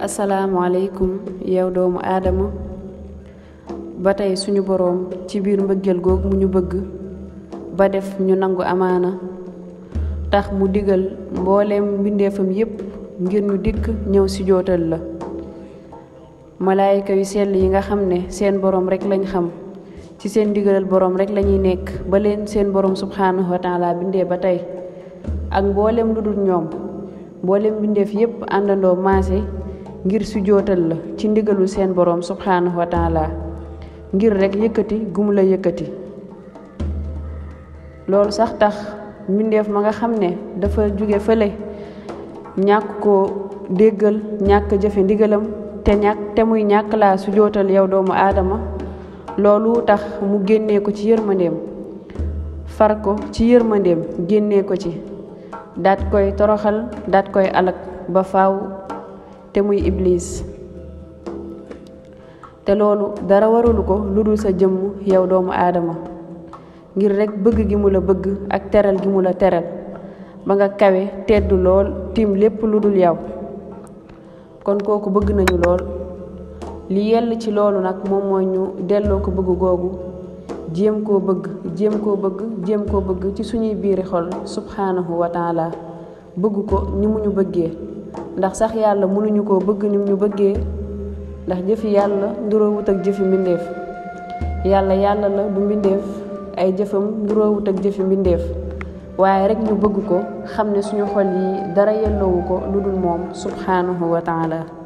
asalaamualeykum yow doomu aadama ba tey suñu boroom ci biir mbëggeel googu mu ñu bëgg ba def ñu nangu amaana tax mu digal mboolem mbindeefam yépp ngir ñu dikk ñëw ci jootal la malaayika yu yi nga xam ne seen boroom rekk lañ xam ci seen digalal boroom rekk lañuy nekk ba leen seen boroom subhaanahu wa bindee ba tey ak mbooleem lu dul ñoom mbooleem mbindeef yépp àndandoo maase ngir sujjootal la ci ndigalul seen boroom subxanahu wa ngir rekk yëkkati gum la yëkkati loolu sax tax mbindeef ma nga xam ne dafa jóge fële ñàkk ko déggal ñàkk jëfe ndigalam te ñàkk te muy ñàkk laa sujjootal yow doomu aadama loolu tax mu génnee ko ci yërmandeem far ko ci yërmandeem génne ko ci daat koy toroxal daat koy alag ba faaw te muy iblis te loolu dara waralu ko lu dul sa jëmm yow doomu aadama ngir rekk bëgg gi mu la bëgg ak teral gi mu la teral ba nga kawe tedd lool tiim lépp lu dul yow kon kooku bëgg nañu lool li yell ci loolu nag moom mooy ñu delloo ko bëgg googu jéem koo bëgg jéem koo bëgg jéem koo bëgg ci suñuy biiri xol subhaanahu wa taala bëgg ko ni mu ñu bëggee ndax sax yàlla mënuñu ko bëgg ñu ñu bëggee ndax jëfi yàlla nduroowut ak jëfi mbindéef yàlla yàlla la bu mbindéef ay jëfam nduroowut ak jëfi mbindéef waaye rek ñu bëgg ko xam ne suñu xol yi dara yelloowu ko lu dul moom subhaanahu wa taala